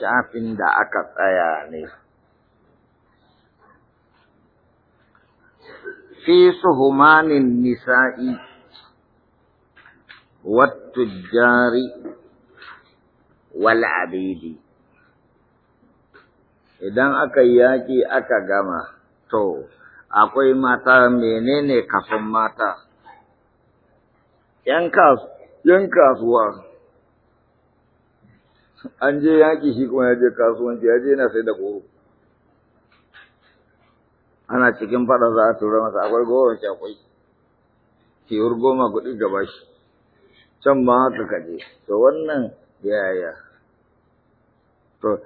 shafin da aka tsaya ne. Fi suhumanin nisa'i jari, wal'abidi. Idan aka yaƙi aka gama, to, akwai mata menene kafin mata, ‘yan kasuwa. an je yaƙi shi kuma ya je kasuwanci ya je yana sai da goro ana cikin fada za a tura masa akwai gowar shi akwai kiwar goma kuɗi gaba shi can ba haka kaje to wannan yaya to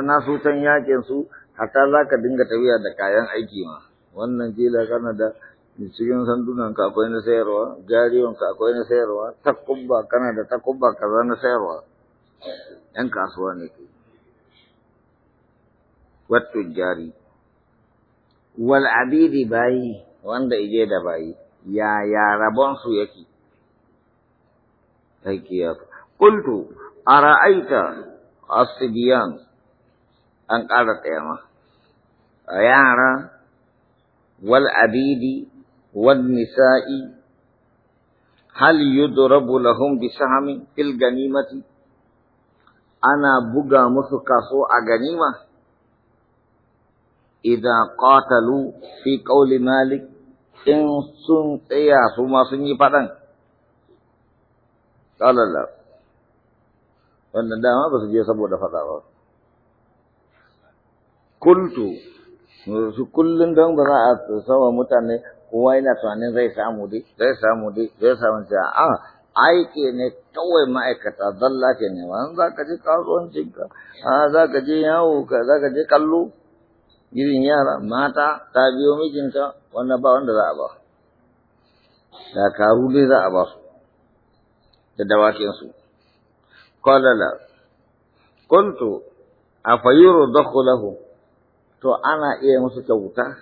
na su can yaƙin su hatta za ka dinga tafiya da kayan aiki ma wannan jila kana da cikin sandunan ka akwai na sayarwa jariyon ka akwai na sayarwa takubba kana da takubba kaza na sayarwa ‘yan kasuwa ne ke, wattu jari, wal abidi bayi wanda ije da bayi, ya ya rabonsu yake, ki ya Kultu, a ra'aita asibiyan an ƙara tsayama, a yara, wal abidi, wal nisa'i, hal yudrabu lahum bi sahamin fil ganimati ana buga musu kaso a ganima idan qatalu fi qawli malik in sun tsaya su ma sun yi faɗan ƙalala wannan dama ba su je saboda faɗa ba kultu su kullum don ba za a sawa mutane kowa yana tunanin zai samu dai zai samu dai zai samu a aiki ne kawai ma'aikata zalla ke ne wani za ka je kasuwancinka a za ka je yawo ka za ka je kallo girin yara mata ta biyo mijinta wanda ba wanda za a ba da karu dai za a ba su da dawakinsu kwallala kuntu a fayiro dakulahu to ana iya musu kyauta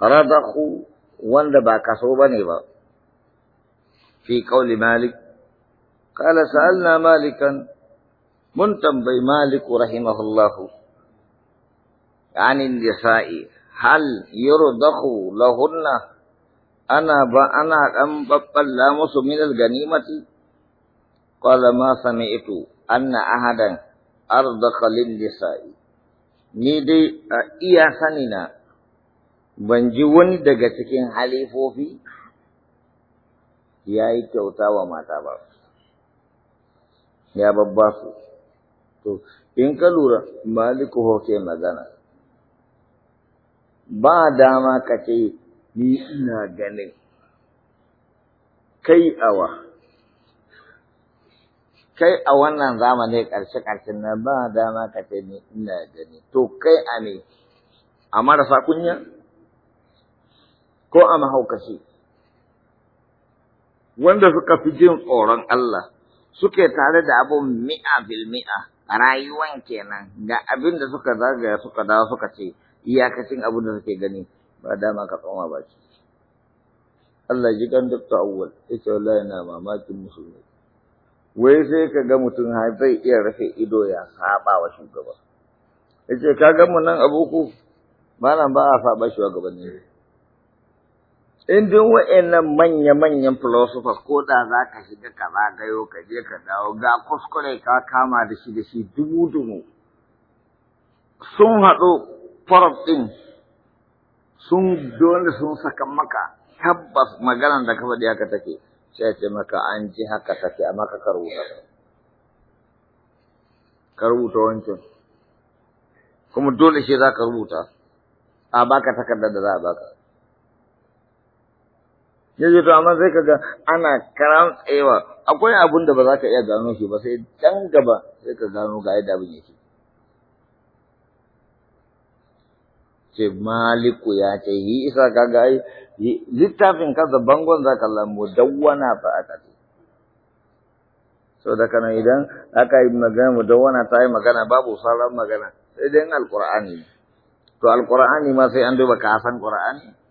radaku wanda ba kaso ba ne ba في قول مالك قال سألنا مالكا منتم بي مالك رحمه الله عن النساء هل يردخ لهن أنا بأنا أم بقلامس من الغنيمة قال ما سمعت أن أحدا أردخ للنساء نيدي dai a iya sanina ban wani daga cikin halifofi ya yi kyauta wa mata ba ya babba su to in ka lura maliku hoke magana ba dama ka ce ni ina ganin kai awa kai a wannan zamanin ƙarshe ƙarshen na ba dama ka ce ni ina gani to kai a ne a marasa kunya ko a mahaukaci wanda suka fi jin tsoron Allah suke tare da abun mi'a bilmia mi'a rayuwan kenan ga abin da suka zagaya suka dawo suka ce iyakacin abin da suke gani ba dama ka tsoma ba ce. Allah ji kan ta awwal ita wallahi na mamakin musulmi wai sai ka ga mutum har zai iya rufe ido ya saba wa shugaba yace ka ga mu nan abuku malam ba a saba shugabanni in duk wa'annan manya-manyan philosophers ko da za ka shiga ka zagayo ka je ka dawo ga kuskure ka kama da shi da shi dubu-dubu sun haɗu farab ɗin sun dole sun saka maka tabbas maganar da ka faɗi haka take sai ce maka an ji haka take amma ka rubuta. ka rubuta wancan kuma dole shi za ka rubuta a baka takardar da za a baka yanzu to amma sai kaga ana karam tsewa akwai abun da ba za ka iya gano shi ba sai can gaba sai ka gano ga yadda abin yake ce maliku ya ce yi isa kaga ai littafin kasa bangon za ka lamu dawwana ba aka ce da kana idan aka yi magana mu dawwana ta yi magana babu sauran magana sai dai alqur'ani to alqur'ani ma sai an duba ka san qur'ani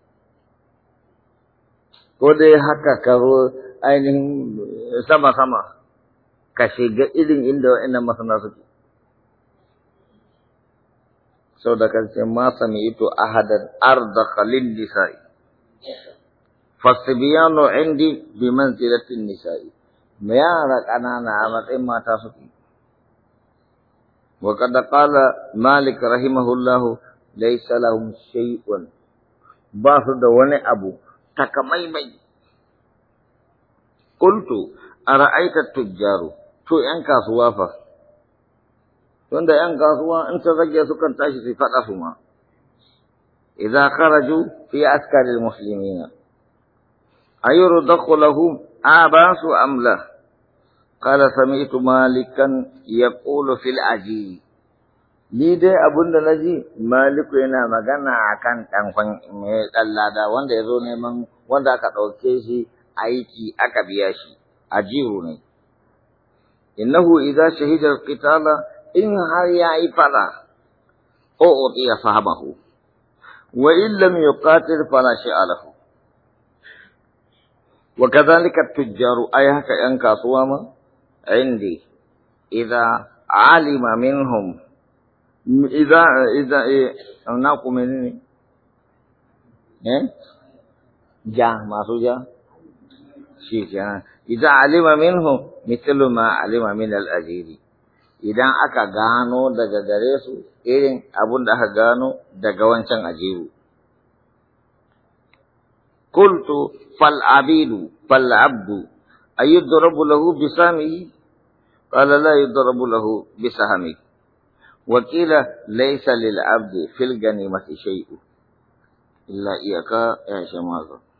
ko dai haka ka zo ainihin sama-sama ka shiga irin inda wa'annan masana suke sau da ce ma mai ito hadar arda khalil nisa'i Fasibiyano indi biman manzilatin nisa'i ma yara ƙanana a matsayin mata suke وقد قال مالك رحمه الله ليس لهم شيء da wani أبو takamaimai qultu ara'aita tujjaru to yan kasuwa fa tunda yan kasuwa in ta zage su kan tashi su fada su ma idza kharaju fi askari almuslimina ayurdaqu lahum abasu amla قال سمعت مالكا يقول في العجيب Ni dai abin da na ji Maliku yana magana a kan ɗanfan dallada, wanda ya zo neman wanda aka ɗauke shi aiki aka biya shi a ne. Innahu idza shahida al-qitala in har ya yi fada o utiya sahabahu wa in lam yuqatil fala shi'a Wa kadhalika tujjaru ay haka 'yan kasuwa ma indi idza alima minhum Iza iza e, na ku menene? Eh? Ja masu ja. Shi kenan. Iza alima minhu mithlu ma alima min al-ajiri. Idan aka gano daga gare su irin abun da aka gano daga wancan ajiru. Kultu fal abidu fal abdu ayyudrabu lahu bisamihi qala la yudrabu lahu bisahamihi وقيل ليس للعبد في الغنيمة شيء إلا إياك يا شمازة